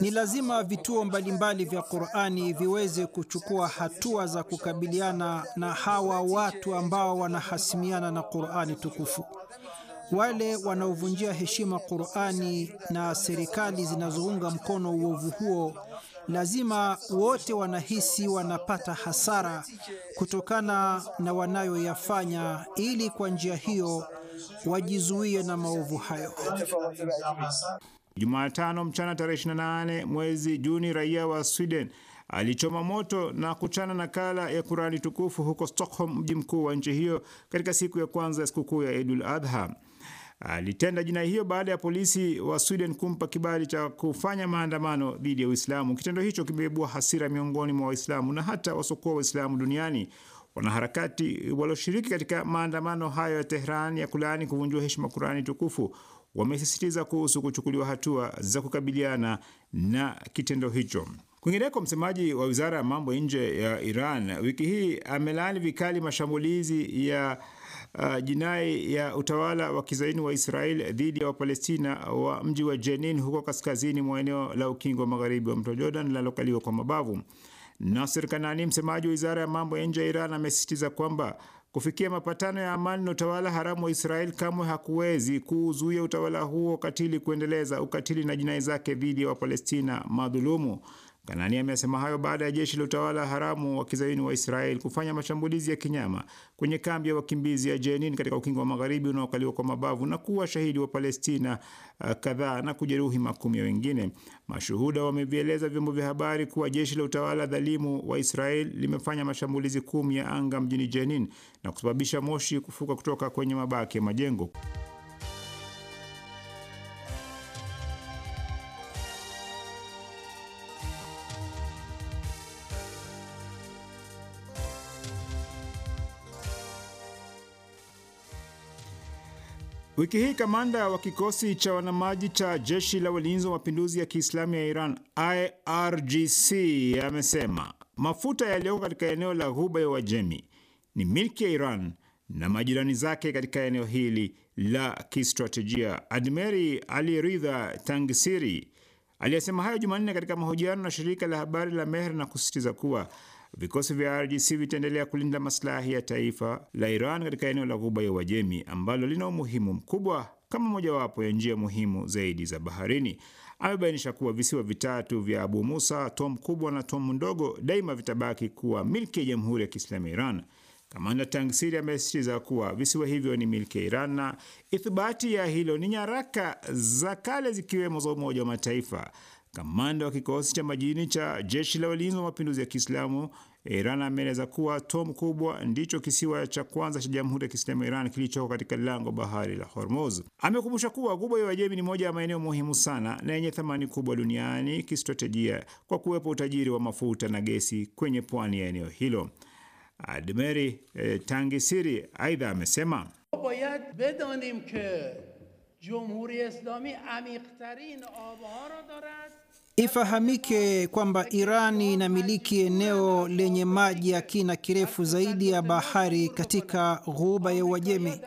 Ni lazima vituo mbalimbali vya Qur'ani viweze kuchukua hatua za kukabiliana na hawa watu ambao wanahasimiana na Qur'ani tukufu, wale wanaovunjia heshima Qur'ani na serikali zinazounga mkono uovu huo. Lazima wote wanahisi wanapata hasara kutokana na wanayoyafanya, ili kwa njia hiyo wajizuie na maovu hayo. Jumatano mchana tarehe 28 mwezi Juni, raia wa Sweden alichoma moto na kuchana nakala ya Kurani tukufu huko Stockholm, mji mkuu wa nchi hiyo, katika siku ya kwanza ya sikukuu ya Idul Adha. Alitenda jinai hiyo baada ya polisi wa Sweden kumpa kibali cha kufanya maandamano dhidi ya Uislamu. Kitendo hicho kimeibua hasira miongoni mwa Waislamu na hata wasokoa Waislamu duniani. Wanaharakati walioshiriki katika maandamano hayo ya Tehran ya kulaani kuvunjia heshima Kurani tukufu wamesisitiza kuhusu kuchukuliwa hatua za kukabiliana na kitendo hicho. Kwingineko, msemaji wa wizara ya mambo ya nje ya Iran wiki hii amelaani vikali mashambulizi ya uh, jinai ya utawala wa kizaini wa Israel dhidi ya Wapalestina wa mji wa Jenin huko kaskazini mwa eneo la ukingo wa magharibi wa mto Jordan linalokaliwa kwa mabavu. Nasir Kanani, msemaji wa wizara ya mambo ya nje ya Iran, amesisitiza kwamba Kufikia mapatano ya amani na utawala haramu wa Israel kamwe hakuwezi kuuzuia utawala huo katili kuendeleza ukatili na jinai zake dhidi ya Wapalestina madhulumu. Kanani amesema hayo baada ya jeshi la utawala haramu wa kizaini wa Israel kufanya mashambulizi ya kinyama kwenye kambi ya wakimbizi ya Jenin katika ukingo wa magharibi unaokaliwa kwa mabavu na kuwa shahidi wa Palestina uh, kadhaa na kujeruhi makumi wengine. Mashuhuda wamevieleza vyombo vya habari kuwa jeshi la utawala dhalimu wa Israel limefanya mashambulizi kumi ya anga mjini Jenin na kusababisha moshi kufuka kutoka kwenye mabaki ya majengo. Wiki hii kamanda wa kikosi cha wanamaji cha jeshi la walinzi wa mapinduzi ya Kiislamu ya Iran IRGC amesema mafuta yaliyoko katika eneo la Ghuba ya Uajemi ni milki ya Iran na majirani zake katika eneo hili la kistratejia. Admeri Ali Ridha Tangisiri aliyesema hayo Jumanne katika mahojiano na shirika la habari la Mehr na kusisitiza kuwa Vikosi vya IRGC vitaendelea kulinda maslahi ya taifa la Iran katika eneo la Ghuba ya Uajemi ambalo lina umuhimu mkubwa kama mojawapo ya njia muhimu zaidi za baharini. Amebainisha kuwa visiwa vitatu vya Abu Musa, Tom kubwa na Tom ndogo daima vitabaki kuwa milki ya Jamhuri ya Kiislamu ya Iran. Kamanda Tangsiri amesisitiza kuwa visiwa hivyo ni milki ya Iran na ithibati ya hilo ni nyaraka za kale zikiwemo za Umoja wa Mataifa. Kamanda wa kikosi cha majini cha jeshi la walinzi wa mapinduzi ya Kiislamu Iran ameeleza kuwa Tom kubwa ndicho kisiwa cha kwanza cha Jamhuri ya Kiislamu ya Iran kilichoko katika lango bahari la Hormuz. Amekumbusha kuwa Ghuba ya Uajemi ni moja ya maeneo muhimu sana na yenye thamani kubwa duniani kistratejia kwa kuwepo utajiri wa mafuta na gesi kwenye pwani ya eneo hilo. Admeri eh, Tangisiri aidha amesema Ifahamike kwamba Iran inamiliki eneo lenye maji ya kina kirefu zaidi ya bahari katika ghuba ya Uajemi,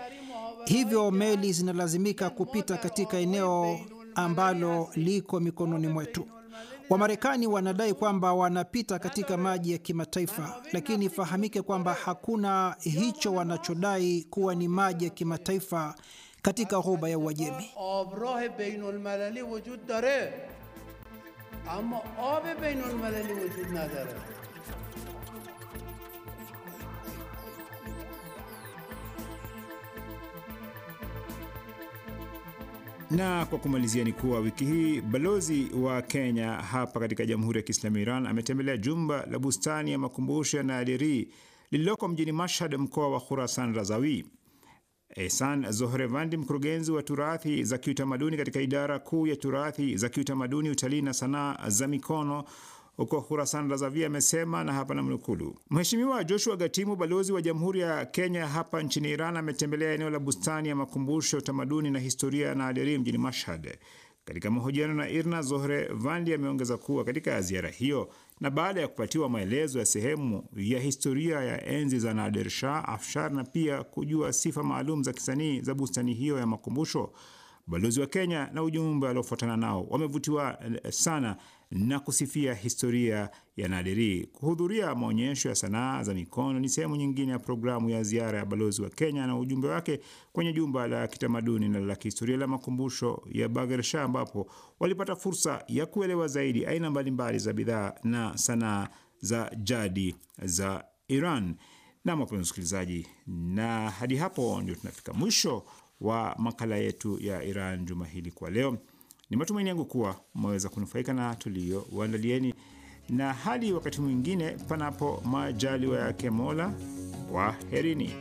hivyo meli zinalazimika kupita katika eneo ambalo liko mikononi mwetu. Wamarekani wanadai kwamba wanapita katika maji ya kimataifa, lakini ifahamike kwamba hakuna hicho wanachodai kuwa ni maji ya kimataifa katika ghuba ya Uajemi. اما آب بین المللی وجود نداره Na kwa kumalizia ni kuwa wiki hii balozi wa Kenya hapa katika Jamhuri ya Kiislamu Iran ametembelea jumba la bustani ya makumbusho ya Nadiri lililoko mjini Mashhad, mkoa wa Khurasan Razawi. Ehsan Zohrevandi, mkurugenzi wa turathi za kiutamaduni katika idara kuu ya turathi za kiutamaduni, utalii na sanaa za mikono huko Khurasan Razavia amesema na hapa na mnukulu Mheshimiwa Joshua Gatimu, balozi wa Jamhuri ya Kenya hapa nchini Iran, ametembelea eneo la bustani ya makumbusho ya utamaduni na historia na Aderi mjini Mashhad. Katika mahojiano na IRNA, Zohre Vandi ameongeza kuwa katika ziara hiyo na baada ya kupatiwa maelezo ya sehemu ya historia ya enzi za Nader Shah Afshar na pia kujua sifa maalum za kisanii za bustani hiyo ya makumbusho, balozi wa Kenya na ujumbe aliofuatana nao wamevutiwa eh, sana na kusifia historia ya Nadiri. Kuhudhuria maonyesho ya sanaa za mikono ni sehemu nyingine ya programu ya ziara ya balozi wa Kenya na ujumbe wake kwenye jumba la kitamaduni na la kihistoria la makumbusho ya bagersha ambapo walipata fursa ya kuelewa zaidi aina mbalimbali za bidhaa na sanaa za jadi za Iran. Na wapenzi msikilizaji, na hadi hapo ndio tunafika mwisho wa makala yetu ya Iran juma hili kwa leo. Ni matumaini yangu kuwa mmeweza kunufaika na tulio waandalieni, na hadi wakati mwingine, panapo majaliwa yake Mola, herini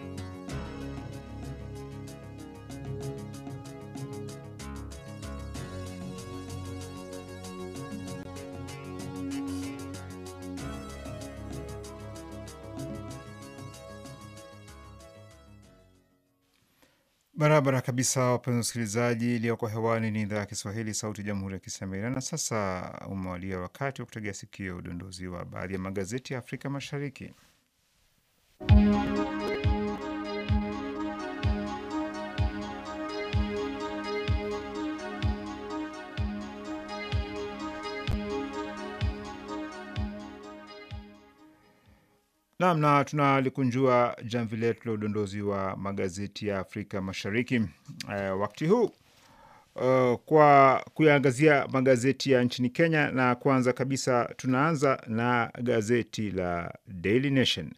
Barabara kabisa, wapenzi wasikilizaji, iliyoko hewani ni idhaa ya Kiswahili, sauti ya jamhuri ya kiislamu Iran. Na sasa umewalia wakati wa kutegea sikio udondozi wa baadhi ya magazeti ya Afrika Mashariki. Naam, na tunalikunjua jamvi letu la udondozi wa magazeti ya Afrika Mashariki uh, wakati huu Uh, kwa kuyaangazia magazeti ya nchini Kenya na kwanza kabisa tunaanza na gazeti la Daily Nation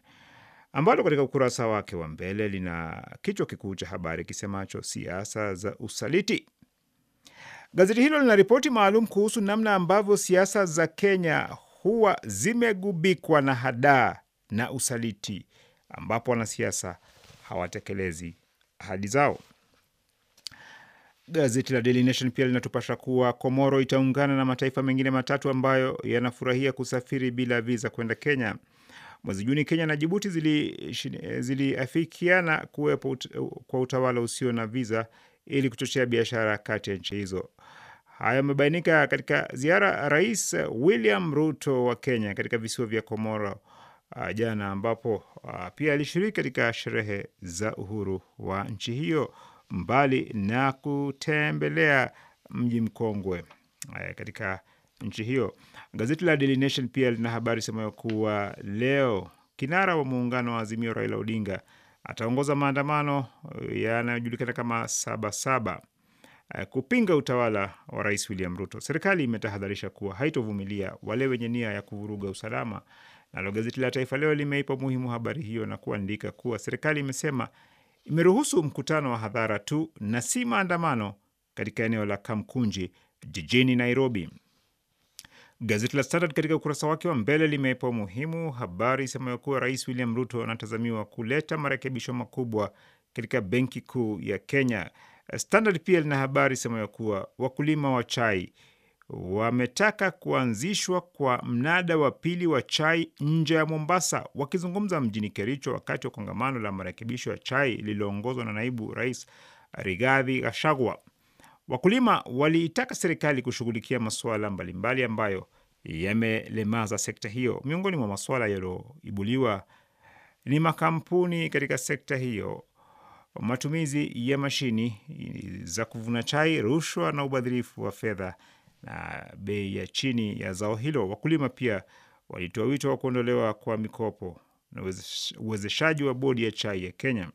ambalo katika ukurasa wake wa mbele lina kichwa kikuu cha habari kisemacho siasa za usaliti. Gazeti hilo lina ripoti maalum kuhusu namna ambavyo siasa za Kenya huwa zimegubikwa na hadaa na usaliti, ambapo wanasiasa hawatekelezi ahadi zao. Gazeti la Daily Nation pia linatupasha kuwa Komoro itaungana na mataifa mengine matatu ambayo yanafurahia kusafiri bila viza kwenda Kenya. Mwezi Juni, Kenya na Jibuti eh, ziliafikiana zili kuwepo ut, kwa utawala usio na viza ili kuchochea biashara kati ya nchi hizo. Hayo yamebainika katika ziara Rais William Ruto wa Kenya katika visiwa vya Komoro uh, jana ambapo uh, pia alishiriki katika sherehe za uhuru wa nchi hiyo mbali na kutembelea mji mkongwe uh, katika nchi hiyo. Gazeti la Daily Nation pia lina habari semayo kuwa leo kinara wa muungano wa Azimio Raila Odinga ataongoza maandamano eh, yanayojulikana kama Sabasaba eh, kupinga utawala wa Rais William Ruto. Serikali imetahadharisha kuwa haitovumilia wale wenye nia ya kuvuruga usalama Nalo gazeti la Taifa Leo limeipa umuhimu habari hiyo na kuandika kuwa serikali imesema imeruhusu mkutano wa hadhara tu na si maandamano katika eneo la Kamkunji jijini Nairobi. Gazeti la Standard katika ukurasa wake wa mbele limeipa umuhimu habari isemayo kuwa Rais William Ruto anatazamiwa kuleta marekebisho makubwa katika benki kuu ya Kenya. Standard pia lina habari isemayo kuwa wakulima wa chai wametaka kuanzishwa kwa mnada wa pili wa chai nje ya Mombasa. Wakizungumza mjini Kericho wakati wa kongamano la marekebisho ya chai lililoongozwa na naibu rais Rigathi Gachagua, wakulima waliitaka serikali kushughulikia masuala mbalimbali ambayo yamelemaza sekta hiyo. Miongoni mwa masuala yaliyoibuliwa ni makampuni katika sekta hiyo, matumizi ya mashini za kuvuna chai, rushwa na ubadhirifu wa fedha na bei ya chini ya zao hilo. Wakulima pia walitoa wito wa kuondolewa kwa mikopo na uwezeshaji wa bodi ya chai ya Kenya.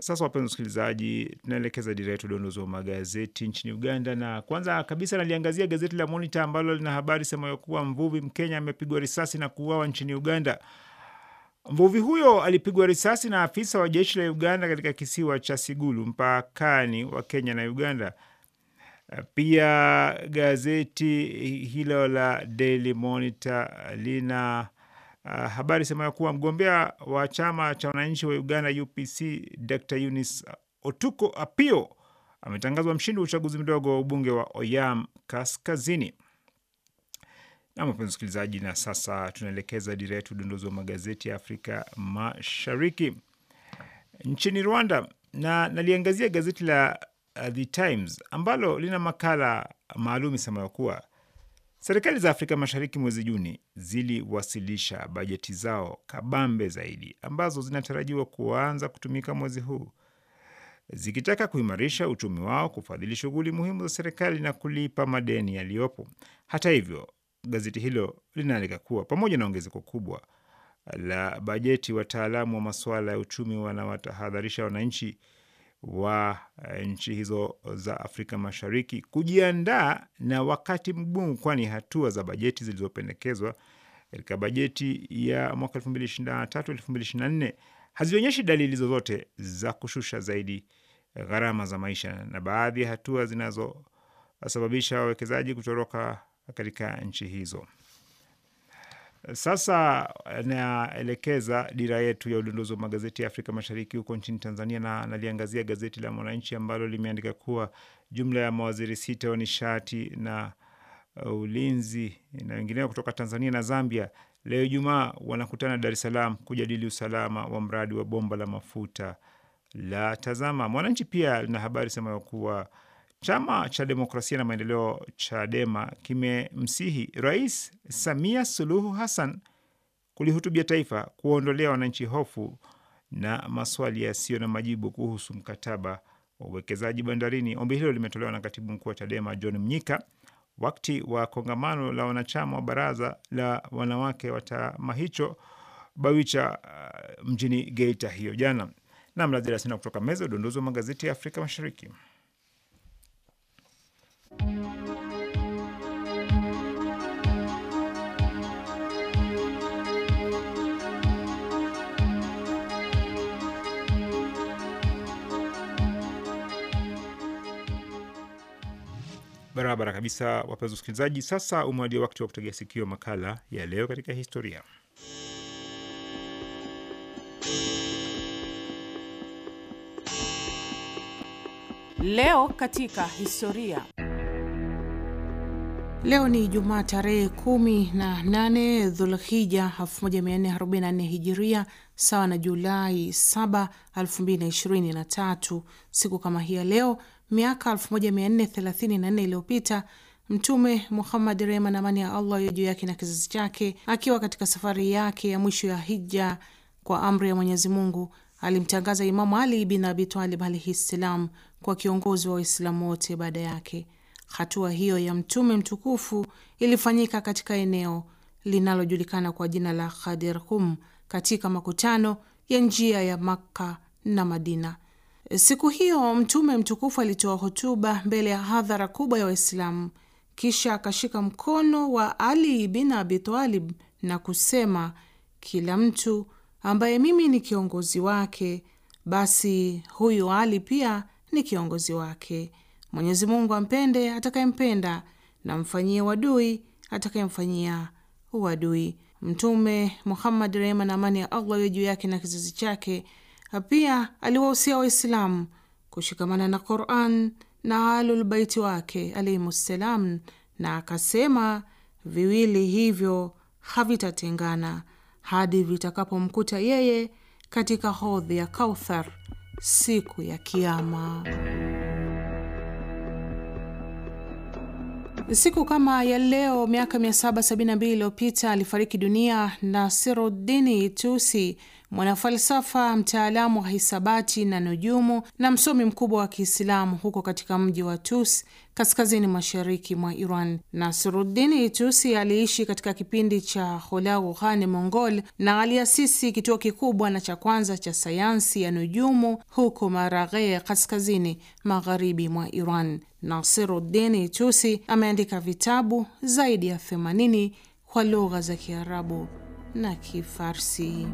Sasa wapenzi wasikilizaji, tunaelekeza dira yetu dondozi wa magazeti nchini Uganda, na kwanza kabisa naliangazia gazeti la Monita ambalo lina habari ya kuwa mvuvi Mkenya amepigwa risasi na kuuawa nchini Uganda. Mvuvi huyo alipigwa risasi na afisa wa jeshi la Uganda katika kisiwa cha Sigulu mpakani wa Kenya na Uganda. Pia gazeti hilo la Daily Monitor lina uh, habari sema kuwa mgombea wa chama cha wananchi wa Uganda UPC Dr. Eunice Otuko Apio ametangazwa mshindi wa uchaguzi mdogo wa ubunge wa Oyam Kaskazini. Na mpenzi msikilizaji, na sasa tunaelekeza dira yetu udondozi wa magazeti ya Afrika Mashariki nchini Rwanda, na naliangazia gazeti la Uh, The Times ambalo lina makala maalum isemayo kuwa serikali za Afrika Mashariki mwezi Juni ziliwasilisha bajeti zao kabambe zaidi ambazo zinatarajiwa kuanza kutumika mwezi huu zikitaka kuimarisha uchumi wao, kufadhili shughuli muhimu za serikali na kulipa madeni yaliyopo. Hata hivyo, gazeti hilo linaandika kuwa pamoja na ongezeko kubwa la bajeti, wataalamu wa masuala ya uchumi wanawatahadharisha wananchi wa eh, nchi hizo za Afrika Mashariki kujiandaa na wakati mgumu, kwani hatua za bajeti zilizopendekezwa katika bajeti ya mwaka 2023/2024 hazionyeshi dalili zozote za kushusha zaidi eh, gharama za maisha, na baadhi ya hatua zinazosababisha wawekezaji kutoroka katika nchi hizo. Sasa eh, naelekeza dira yetu ya udondozi wa magazeti ya Afrika Mashariki huko nchini Tanzania, na naliangazia gazeti la Mwananchi ambalo limeandika kuwa jumla ya mawaziri sita wa nishati na eh, ulinzi na wengineo kutoka Tanzania na Zambia leo Ijumaa wanakutana Dar es Salaam kujadili usalama wa mradi wa bomba la mafuta la Tazama. Mwananchi pia lina habari sema kuwa Chama cha Demokrasia na Maendeleo, Chadema, kimemsihi Rais Samia Suluhu Hassan kulihutubia taifa kuwaondolea wananchi hofu na maswali yasiyo na majibu kuhusu mkataba wa uwekezaji bandarini. Ombi hilo limetolewa na katibu mkuu wa Chadema John Mnyika wakati wa kongamano la wanachama wa baraza la wanawake wa chama hicho Bawicha, uh, mjini Geita hiyo jana. Namlazilasina kutoka meza udondozi wa magazeti ya Afrika Mashariki. Barabara kabisa, wapenzi wasikilizaji. Sasa umewadia wakati wa kutegea sikio makala ya leo katika historia. Leo katika historia. Leo ni Ijumaa tarehe 18 Dhulhija 1444 Hijiria, sawa na Julai 7, 2023. Siku kama hii ya leo miaka 1434 iliyopita Mtume Muhammad, rehma na amani ya Allah juu yake na kizazi chake, akiwa katika safari yake ya mwisho ya hija, kwa amri ya Mwenyezi Mungu alimtangaza Imamu Ali bin Abi Talib alaihi ssalam kwa kiongozi wa Waislamu wote baada yake. Hatua hiyo ya mtume mtukufu ilifanyika katika eneo linalojulikana kwa jina la Hum katika makutano ya njia ya Makka na Madina. Siku hiyo mtume mtukufu alitoa hotuba mbele ya hadhara kubwa ya Waislamu, kisha akashika mkono wa Ali bin Abi Talib na kusema, kila mtu ambaye mimi ni kiongozi wake, basi huyu Ali pia ni kiongozi wake. Mwenyezi Mungu ampende atakayempenda na mfanyie wadui atakayemfanyia uadui. Mtume Muhammad, rehema na amani ya Allah iwe juu yake na kizazi chake, pia aliwahusia Waislamu kushikamana na Quran na Alulbaiti wake alaihimussalam, na akasema viwili hivyo havitatengana hadi vitakapomkuta yeye katika hodhi ya Kauthar siku ya Kiama. Siku kama ya leo miaka 772 iliyopita alifariki dunia Nasiruddini Tusi, mwanafalsafa mtaalamu wa hisabati na nujumu na msomi mkubwa wa Kiislamu huko katika mji wa Tus kaskazini mashariki mwa Iran. Nasruddini Tusi aliishi katika kipindi cha Hulagu Khan Mongol na aliasisi kituo kikubwa na cha kwanza cha sayansi ya nujumu huko Maraghe kaskazini magharibi mwa Iran. Nasiruddini Tusi ameandika vitabu zaidi ya 80 kwa lugha za Kiarabu na Kifarsi.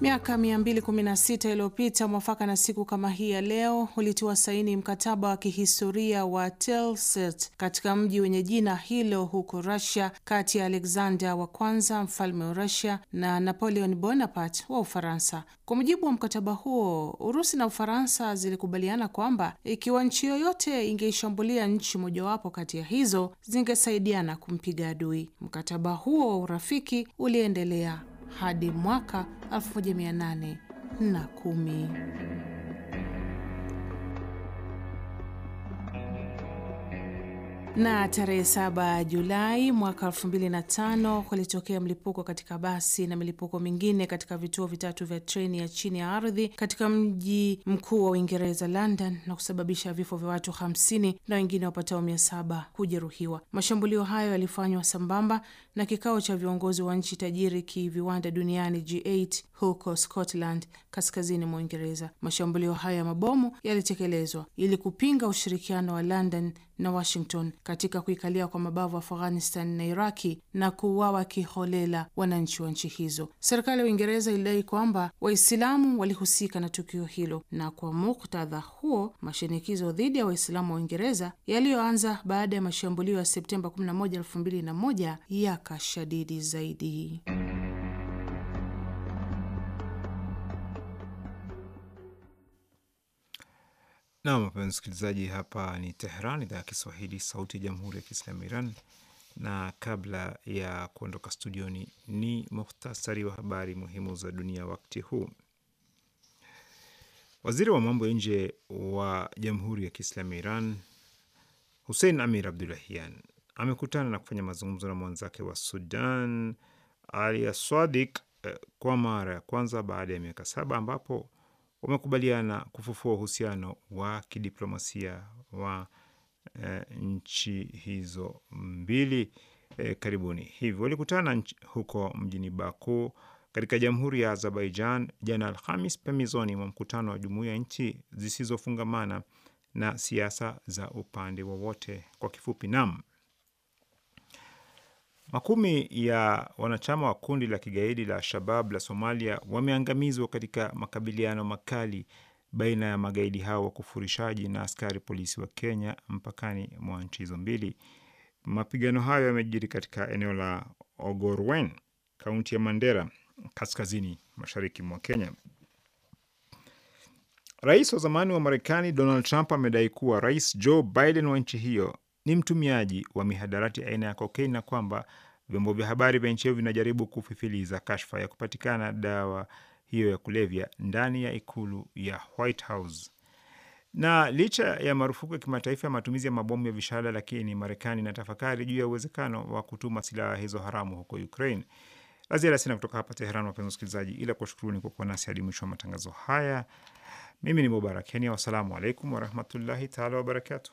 Miaka 216 iliyopita mwafaka na siku kama hii ya leo ulitiwa saini mkataba wa kihistoria wa Tilsit katika mji wenye jina hilo huko Russia, kati ya Alexander wa kwanza mfalme wa Russia na Napoleon Bonaparte wa Ufaransa. Kwa mujibu wa mkataba huo, Urusi na Ufaransa zilikubaliana kwamba ikiwa nchi yoyote ingeishambulia nchi mojawapo kati ya hizo, zingesaidiana kumpiga adui. Mkataba huo wa urafiki uliendelea hadi mwaka 1810. na tarehe 7 Julai mwaka tano kulitokea mlipuko katika basi na milipuko mingine katika vituo vitatu vya treni ya chini ya ardhi katika mji mkuu wa Uingereza, London, na kusababisha vifo vya watu 50 na wengine wapatao saba kujeruhiwa. Mashambulio hayo yalifanywa sambamba na kikao cha viongozi wa nchi tajiri kiviwanda duniani G8 huko Scotland, kaskazini mwa Uingereza. Mashambulio hayo ya mabomu yalitekelezwa ili kupinga ushirikiano wa London na Washington katika kuikalia kwa mabavu Afghanistan na Iraki na kuuawa kiholela wananchi wa nchi hizo. Serikali ya Uingereza ilidai kwamba Waislamu walihusika na tukio hilo, na kwa muktadha huo mashinikizo dhidi ya Waislamu wa Uingereza yaliyoanza baada ya mashambulio ya Septemba 11, 2001 yakashadidi zaidi. Nam, mpenzi msikilizaji, hapa ni Tehran, idhaa ya Kiswahili, sauti ya jamhuri ya kiislamu Iran. Na kabla ya kuondoka studioni, ni muhtasari wa habari muhimu za dunia wakati huu. Waziri wa mambo ya nje wa jamhuri ya kiislamu Iran Hussein Amir Abdulahian amekutana na kufanya mazungumzo na mwenzake wa Sudan Ali eh, kwa mara ya kwanza baada ya miaka saba ambapo wamekubaliana kufufua uhusiano wa kidiplomasia wa e, nchi hizo mbili e, karibuni hivi. Walikutana huko mjini Baku katika Jamhuri ya Azerbaijan jana Alhamis, pembezoni mwa mkutano wa Jumuiya ya Nchi zisizofungamana na siasa za upande wowote, kwa kifupi NAM. Makumi ya wanachama wa kundi la kigaidi la Shabab la Somalia wameangamizwa katika makabiliano makali baina ya magaidi hao wa kufurishaji na askari polisi wa Kenya mpakani mwa nchi hizo mbili. Mapigano hayo yamejiri katika eneo la Ogorwen, kaunti ya Mandera, kaskazini mashariki mwa Kenya. Rais wa zamani wa Marekani Donald Trump amedai kuwa Rais Joe Biden wa nchi hiyo ni mtumiaji wa mihadarati aina ya kokaini na kwamba Vyombo vya habari vya nchi hiyo vinajaribu kufifiliza kashfa ya kupatikana dawa hiyo ya kulevya ndani ya ikulu ya White House. Na licha ya marufuku ya kimataifa ya matumizi ya mabomu ya vishada, lakini Marekani inatafakari juu ya uwezekano wa kutuma silaha hizo haramu huko Ukraine. La ziada sina kutoka hapa Teheran, wapenzi wasikilizaji, ila kuwashukuruni kwa kuwa nasi hadi mwisho wa matangazo haya. Mimi ni Mubarak Kenya, wassalamu alaikum warahmatullahi taala wabarakatu